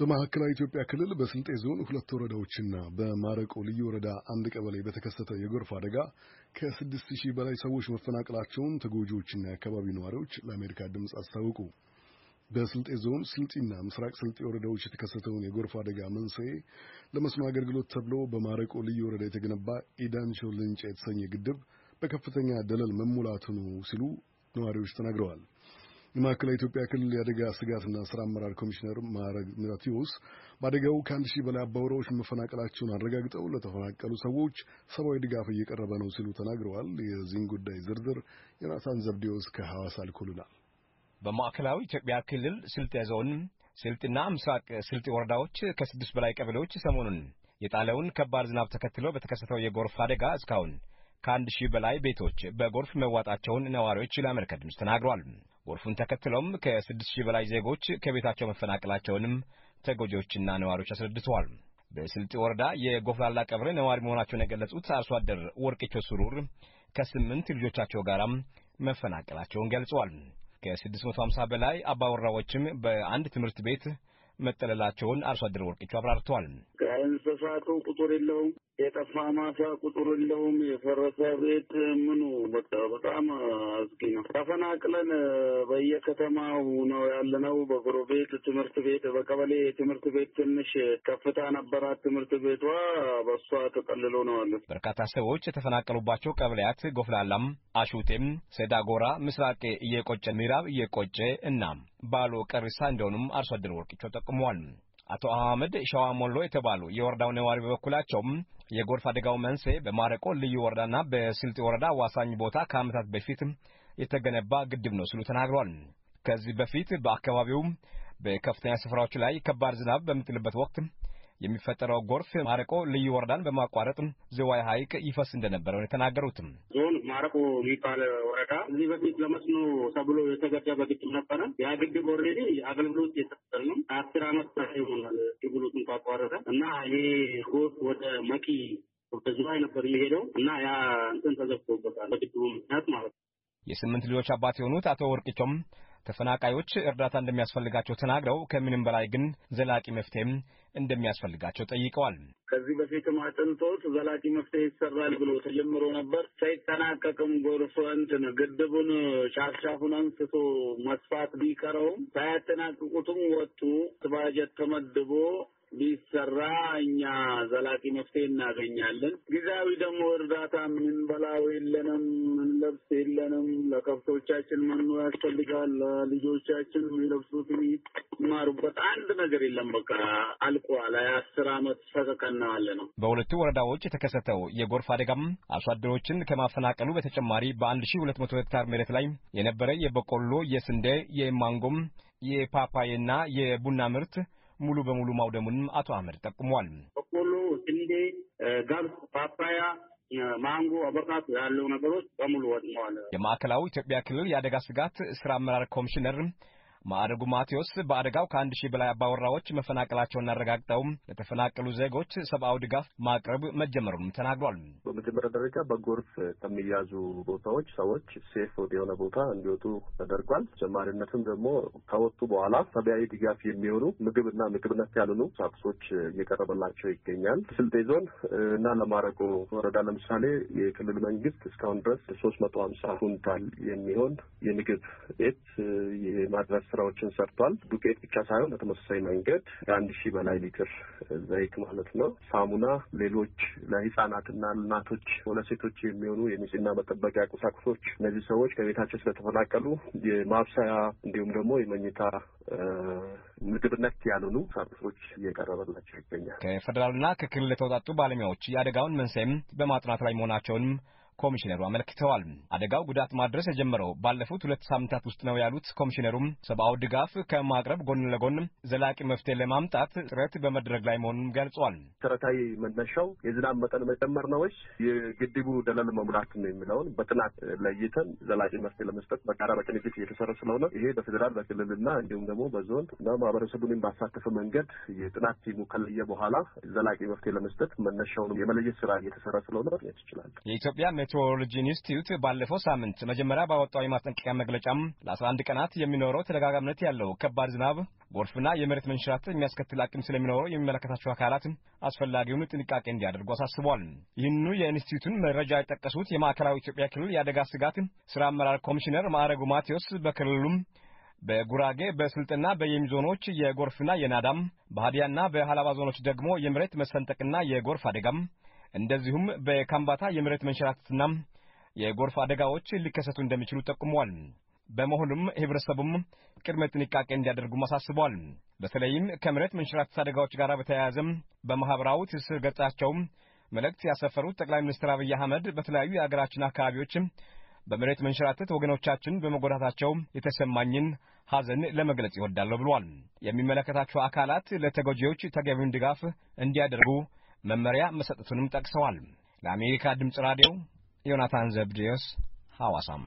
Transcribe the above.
በማዕከላዊ ኢትዮጵያ ክልል በስልጤ ዞን ሁለት ወረዳዎችና በማረቆ ልዩ ወረዳ አንድ ቀበሌ በተከሰተ የጎርፍ አደጋ ከስድስት ሺህ በላይ ሰዎች መፈናቀላቸውን ተጎጂዎችና የአካባቢ ነዋሪዎች ለአሜሪካ ድምፅ አስታወቁ። በስልጤ ዞን ስልጢና ምስራቅ ስልጤ ወረዳዎች የተከሰተውን የጎርፍ አደጋ መንስኤ ለመስኖ አገልግሎት ተብሎ በማረቆ ልዩ ወረዳ የተገነባ ኢዳንሾ ልንጫ የተሰኘ ግድብ በከፍተኛ ደለል መሙላቱ ነው ሲሉ ነዋሪዎች ተናግረዋል። የማዕከላዊ ኢትዮጵያ ክልል የአደጋ ስጋትና ስራ አመራር ኮሚሽነር ማዕረግ ምህረትዮስ በአደጋው ከአንድ ሺህ በላይ አባወራዎች መፈናቀላቸውን አረጋግጠው ለተፈናቀሉ ሰዎች ሰብአዊ ድጋፍ እየቀረበ ነው ሲሉ ተናግረዋል። የዚህን ጉዳይ ዝርዝር ዮናታን ዘብዴዎስ ከሐዋሳ ልኮልናል። በማዕከላዊ ኢትዮጵያ ክልል ስልጤ ዞን ስልጥና ምስራቅ ስልጤ ወረዳዎች ከስድስት በላይ ቀበሌዎች ሰሞኑን የጣለውን ከባድ ዝናብ ተከትሎ በተከሰተው የጎርፍ አደጋ እስካሁን ከአንድ ሺህ በላይ ቤቶች በጎርፍ መዋጣቸውን ነዋሪዎች ለአሜሪካ ድምፅ ተናግሯል። ጎርፉን ተከትሎም ከስድስት ሺህ በላይ ዜጎች ከቤታቸው መፈናቀላቸውንም ተጎጂዎችና ነዋሪዎች አስረድተዋል። በስልጤ ወረዳ የጎፍላላ ቀብሬ ነዋሪ መሆናቸውን የገለጹት አርሶ አደር ወርቅቸው ስሩር ከስምንት ልጆቻቸው ጋራም መፈናቀላቸውን ገልጸዋል። ከ650 በላይ አባወራዎችም በአንድ ትምህርት ቤት መጠለላቸውን አርሶ አደር ወርቅቸው አብራርተዋል። ከእንስሳቱ ቁጥር የለውም። የጠፋ ማሳ ቁጥር የለውም። የፈረሰ ቤት ምኑ በቃ በጣም አስጊ ነው። ተፈናቅለን በየከተማው ነው ያለነው። ቤት ትምህርት ቤት በቀበሌ ትምህርት ቤት ትንሽ ከፍታ ነበራት ትምህርት ቤቷ፣ በሷ ተጠልሎ ነው አለ። በርካታ ሰዎች የተፈናቀሉባቸው ቀበሌያት ጎፍላላም፣ አሹቴም፣ ሴዳጎራ፣ ምስራቅ እየቆጨ፣ ምዕራብ እየቆጨ እና ባሎ ቀሪሳ እንደሆኑም አርሶ አደር ወርቅቸው ጠቁመዋል። አቶ አህመድ ሸዋ ሞሎ የተባሉ የወረዳው ነዋሪ በበኩላቸውም የጎርፍ አደጋው መንስኤ በማረቆ ልዩ ወረዳና በስልጤ ወረዳ ዋሳኝ ቦታ ከዓመታት በፊት የተገነባ ግድብ ነው ሲሉ ተናግሯል። ከዚህ በፊት በአካባቢው በከፍተኛ ስፍራዎች ላይ ከባድ ዝናብ በምትልበት ወቅት የሚፈጠረው ጎርፍ ማረቆ ልዩ ወረዳን በማቋረጥ ዝዋይ ሐይቅ ይፈስ እንደነበረ ነው የተናገሩትም። ዞን ማረቆ የሚባል ወረዳ እዚህ በፊት ለመስኖ ተብሎ የተገደበ ግድብ ነበረ። ያ ግድብ ኦልሬዲ አገልግሎት የሰጠ ነው። አስር አመት በላይ ይሆናል ግልግሎቱን ካቋረጠ እና ይሄ ጎርፍ ወደ መቂ ዝዋይ ነበር የሚሄደው እና ያ እንትን ተዘግቶበታል በግድቡ ምክንያት ማለት ነው። የስምንት ልጆች አባት የሆኑት አቶ ወርቅቸውም ተፈናቃዮች እርዳታ እንደሚያስፈልጋቸው ተናግረው ከምንም በላይ ግን ዘላቂ መፍትሄም እንደሚያስፈልጋቸው ጠይቀዋል። ከዚህ በፊትም አጥንቶት ዘላቂ መፍትሄ ይሰራል ብሎ ተጀምሮ ነበር። ሳይጠናቀቅም ጎርሶ እንትን ግድቡን ሻፍሻፉን አንስቶ መስፋት ቢቀረውም ሳያጠናቅቁትም ወጡ። ባጀት ተመድቦ ቢሰራ እኛ ዘላቂ መፍትሄ እናገኛለን። ጊዜያዊ ደግሞ እርዳታ ምንበላው የለንም፣ ምንለብስ የለንም። ለከብቶቻችን መኖ ያስፈልጋል። ለልጆቻችን የሚለብሱት የሚማሩበት አንድ ነገር የለም። በቃ አልቋል። አስር አመት ፈቀቀና አለ ነው። በሁለቱ ወረዳዎች የተከሰተው የጎርፍ አደጋም አርሶ አደሮችን ከማፈናቀሉ በተጨማሪ በአንድ ሺ ሁለት መቶ ሄክታር መሬት ላይ የነበረ የበቆሎ፣ የስንዴ፣ የማንጎም፣ የፓፓዬና የቡና ምርት ሙሉ በሙሉ ማውደሙንም አቶ አህመድ ጠቁሟል። በቆሎ፣ ስንዴ፣ ገብስ፣ ፓፓያ ማንጎ አቮካዶ ያለው ነገሮች በሙሉ ወድመዋል። የማዕከላዊ ኢትዮጵያ ክልል የአደጋ ስጋት ስራ አመራር ኮሚሽነር ማዕረጉ ማቴዎስ በአደጋው ከአንድ ሺህ በላይ አባወራዎች መፈናቀላቸውን አረጋግጠው ለተፈናቀሉ ዜጎች ሰብአዊ ድጋፍ ማቅረብ መጀመሩንም ተናግሯል። በመጀመሪያ ደረጃ በጎርፍ ከሚያዙ ቦታዎች ሰዎች ሴፍ ወደ የሆነ ቦታ እንዲወጡ ተደርጓል። ተጨማሪነትም ደግሞ ከወጡ በኋላ ሰብአዊ ድጋፍ የሚሆኑ ምግብና ምግብነት ያልሆኑ ቁሳቁሶች እየቀረበላቸው ይገኛል። ስልጤ ዞን እና ለማረቆ ወረዳ ለምሳሌ የክልል መንግስት እስካሁን ድረስ ሶስት መቶ ሀምሳ ኩንታል የሚሆን የምግብ ቤት የማድረስ ስራዎችን ሰርቷል። ዱቄት ብቻ ሳይሆን በተመሳሳይ መንገድ ከአንድ ሺህ በላይ ሊትር ዘይት ማለት ነው፣ ሳሙና፣ ሌሎች ለህጻናትና እናቶች ለሴቶች የሚሆኑ የንጽህና መጠበቂያ ቁሳቁሶች። እነዚህ ሰዎች ከቤታቸው ስለተፈናቀሉ የማብሰያ እንዲሁም ደግሞ የመኝታ ምግብ ነክ ያልሆኑ ቁሳቁሶች እየቀረበላቸው ይገኛል። ከፌዴራልና ከክልል የተወጣጡ ባለሙያዎች የአደጋውን መንስኤም በማጥናት ላይ መሆናቸውንም ኮሚሽነሩ አመልክተዋል። አደጋው ጉዳት ማድረስ የጀመረው ባለፉት ሁለት ሳምንታት ውስጥ ነው ያሉት ኮሚሽነሩም ሰብአዊ ድጋፍ ከማቅረብ ጎን ለጎን ዘላቂ መፍትሄ ለማምጣት ጥረት በመድረግ ላይ መሆኑን ገልጿል። መሰረታዊ መነሻው የዝናብ መጠን መጨመር ነው የግድቡ ደለል መሙላት ነው የሚለውን በጥናት ለይተን ዘላቂ መፍትሄ ለመስጠት በጋራ በቅንጅት እየተሰራ ስለሆነ ይሄ በፌዴራል በክልልና እንዲሁም ደግሞ በዞን እና ማህበረሰቡንም ባሳተፈ መንገድ የጥናት ቲሙ ከለየ በኋላ ዘላቂ መፍትሄ ለመስጠት መነሻውን የመለየት ስራ እየተሰራ ስለሆነ ማግኘት ይችላል። ሜትሮሎጂ ኢንስቲትዩት ባለፈው ሳምንት መጀመሪያ ባወጣው የማስጠንቀቂያ መግለጫም ለ11 ቀናት የሚኖረው ተደጋጋሚነት ያለው ከባድ ዝናብ፣ ጎርፍና የመሬት መንሸራተት የሚያስከትል አቅም ስለሚኖረው የሚመለከታቸው አካላት አስፈላጊውን ጥንቃቄ እንዲያደርጉ አሳስቧል። ይህኑ የኢንስቲትዩቱን መረጃ የጠቀሱት የማዕከላዊ ኢትዮጵያ ክልል የአደጋ ስጋት ስራ አመራር ኮሚሽነር ማዕረጉ ማቴዎስ በክልሉም በጉራጌ በስልጥና በየሚ ዞኖች የጎርፍና የናዳም በሃዲያና በሃላባ ዞኖች ደግሞ የመሬት መሰንጠቅና የጎርፍ አደጋም እንደዚሁም በካምባታ የመሬት መንሸራተትና የጎርፍ አደጋዎች ሊከሰቱ እንደሚችሉ ጠቁመዋል። በመሆኑም ህብረተሰቡም ቅድመ ጥንቃቄ እንዲያደርጉ አሳስበዋል። በተለይም ከመሬት መንሸራተት አደጋዎች ጋር በተያያዘም በማህበራዊ ትስስር ገጻቸው መልእክት ያሰፈሩት ጠቅላይ ሚኒስትር አብይ አህመድ በተለያዩ የአገራችን አካባቢዎች በመሬት መንሸራተት ወገኖቻችን በመጎዳታቸው የተሰማኝን ሐዘን ለመግለጽ ይወዳለሁ ብሏል። የሚመለከታቸው አካላት ለተጎጂዎች ተገቢውን ድጋፍ እንዲያደርጉ መመሪያ መሰጠቱንም ጠቅሰዋል። ለአሜሪካ ድምፅ ራዲዮ ዮናታን ዘብዴዎስ ሐዋሳም